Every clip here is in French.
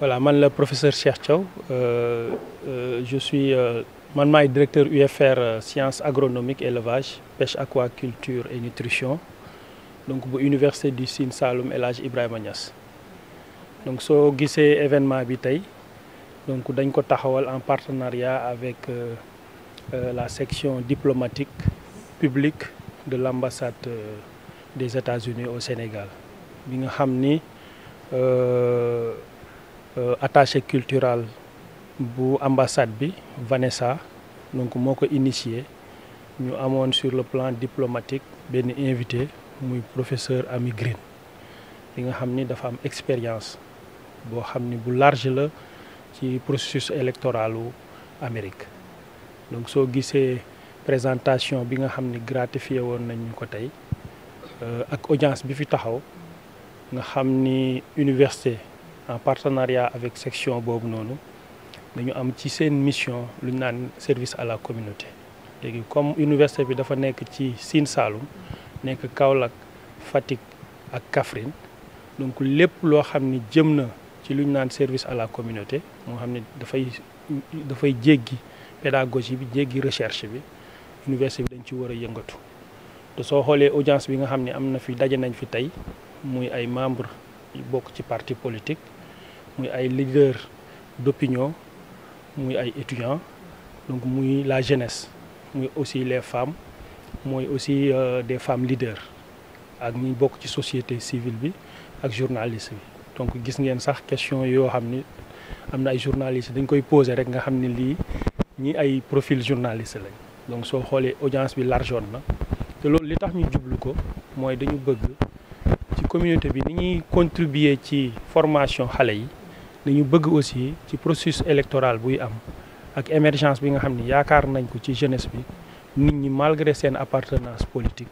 Voilà, moi, le professeur Cheikh euh, euh, je suis euh, directeur UFR euh, sciences agronomiques, élevage, pêche, aquaculture et nutrition. Donc, pour l'université du Sine Saloum l'âge Ibrahim Agnès. Donc, ce qui est événement habité, donc, nous avons en partenariat avec la section diplomatique publique de l'ambassade des États-Unis au Sénégal. Nous avons euh, attaché culturel bu ambassade bi Vanessa donc qui ko initié ñu avons sur le plan diplomatique invité muy professeur Ami Green li nga xamni dafa am expérience bo xamni large le ci processus électoralu Amérique donc so gisee présentation bi nga xamni ni gratifié woon nañ euh, ak audience bi fi taxaw nga université en partenariat avec section Bob, nous avons une mission lu service à la communauté comme l'université bi dafa ci Sine Saloum Kaolak, Fatik ak Kafrin, donc lépp loo ci service à la communauté nous avons ne pédagogie bi recherche université bi dañ ci audience membre parti politique muy ay leader d'opinion muy ay étudiants donc muy la jeunesse muy aussi les femmes mooy aussi euh, des femmes leaders ak ñi bok ci société civile bi ak journaliste bi donc gis ngeen sax question yo xamni amna ay journalistes dañ koy poser rek nga xamni li ñi ay profil journaliste lañ donc so xolé audience bi largeoon na té loolu li tax ñu jublu ko moy dañu bëgg ci communauté bi ni ñi contribuer ci formation xalé yi nous bëgg aussi ci processus électoral buy am ak émergence bi nga xamni yaakar nañ ko ci jeunesse bi nit ñi malgré sen appartenance politique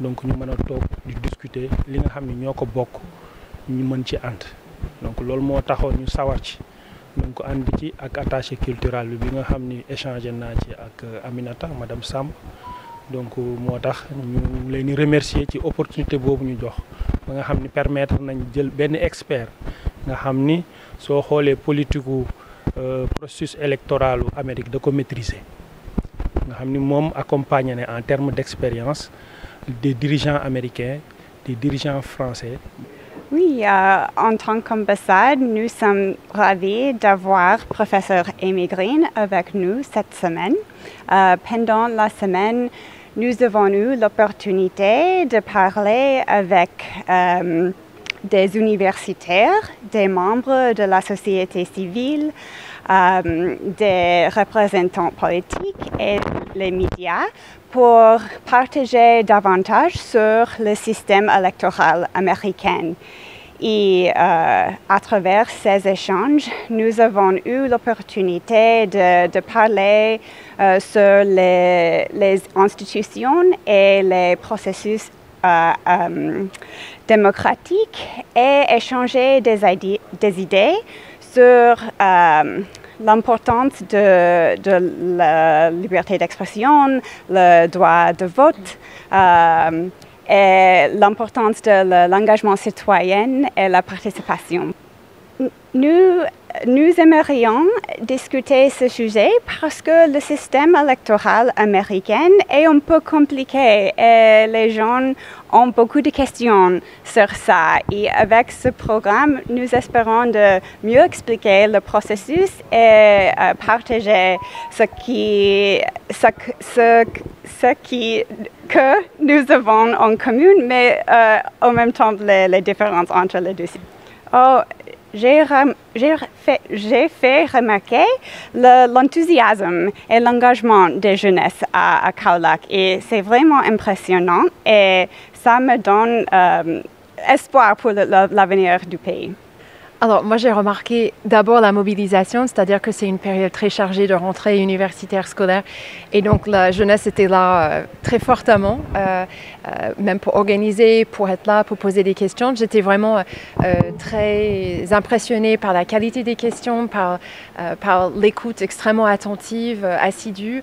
donc ñu mëna tok di discuter li nga xamni ni ñoo ko ñu mën ci ant donc lool mo taxone ñu sawar ci donc ànd ci ak attaché culturel bi nga xamni échanger na ci ak Aminata madame Samb donc motax ñu leen remercier ci opportunité bobu ñu jox ba nga xamni permettre nañ jël ben expert nous avons le soo politique euh, processus électoral américain Amérique de maîtriser nga avons accompagné en termes d'expérience, des dirigeants américains des dirigeants français. Oui, euh, en tant qu'ambassade, nous sommes ravis d'avoir professeur Amy avec nous cette semaine. Euh, pendant la semaine, nous avons eu l'opportunité de parler avec euh, des universitaires, des membres de la société civile, euh, des représentants politiques et les médias pour partager davantage sur le système électoral américain. Et euh, à travers ces échanges, nous avons eu l'opportunité de, parler euh, sur les, les, institutions et les processus euh, euh, démocratique et échanger des, idées, des idées sur euh, l'importance de, la liberté d'expression, le droit de vote et l'importance de l'engagement citoyen et la participation. Nous nous aimerions discuter ce sujet parce que le système électoral américain est un peu compliqué et les gens ont beaucoup de questions sur ça. Et avec ce programme, nous espérons de mieux expliquer le processus et euh, partager ce qui, ce, ce, qui que nous avons en commun, mais euh, en même temps les, différences entre les deux. Oh, j'ai fait, remarquer l'enthousiasme et l'engagement des jeunesses à, à Et c'est vraiment impressionnant et ça me donne euh, espoir pour l'avenir du pays. Alors, moi, j'ai remarqué d'abord la mobilisation, c'est-à-dire que c'est une période très chargée de rentrée universitaire scolaire. Et donc, la jeunesse était là euh, très fortement, euh, euh, même pour organiser, pour être là, pour poser des questions. J'étais vraiment très impressionnée par la qualité des questions, par, l'écoute extrêmement attentive, assidue.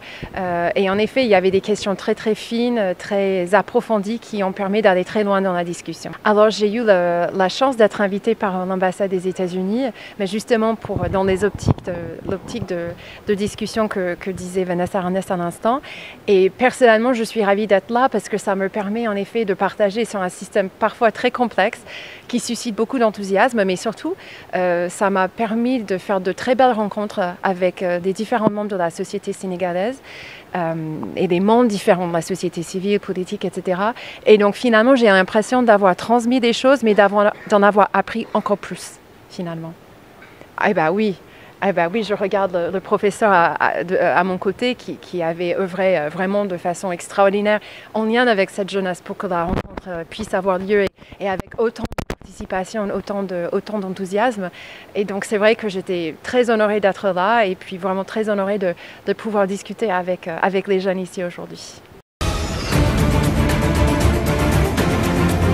et en effet, il y avait des questions très, très fines, très approfondies qui ont permis d'aller très loin dans la discussion. Alors, j'ai eu la chance d'être invitée par l'ambassade des États-Unis, mais justement pour, dans les optiques de, l'optique de, discussion que, disait Vanessa Arnest à l'instant. Et personnellement, je suis ravie d'être là parce que ça me permet en effet de partager sur un système parfois très complexe qui suscite beaucoup d'enthousiasme, mais surtout, euh, ça m'a permis de faire de très belles rencontres avec euh, des différents membres de la société sénégalaise euh, et des membres différents de la société civile, politique, etc. Et donc finalement, j'ai l'impression d'avoir transmis des choses, mais d'en avoir appris encore plus finalement. Eh bien oui, eh ben oui, je regarde le, professeur euh, à, mon côté qui, avait œuvré euh, vraiment de façon extraordinaire en lien avec cette jeunesse pour que la rencontre euh, puisse avoir lieu et, avec autant de participation, autant, de, autant d'enthousiasme. Et donc c'est vrai que j'étais très honorée d'être là et puis vraiment très honorée de, de pouvoir discuter avec, avec les jeunes ici aujourd'hui.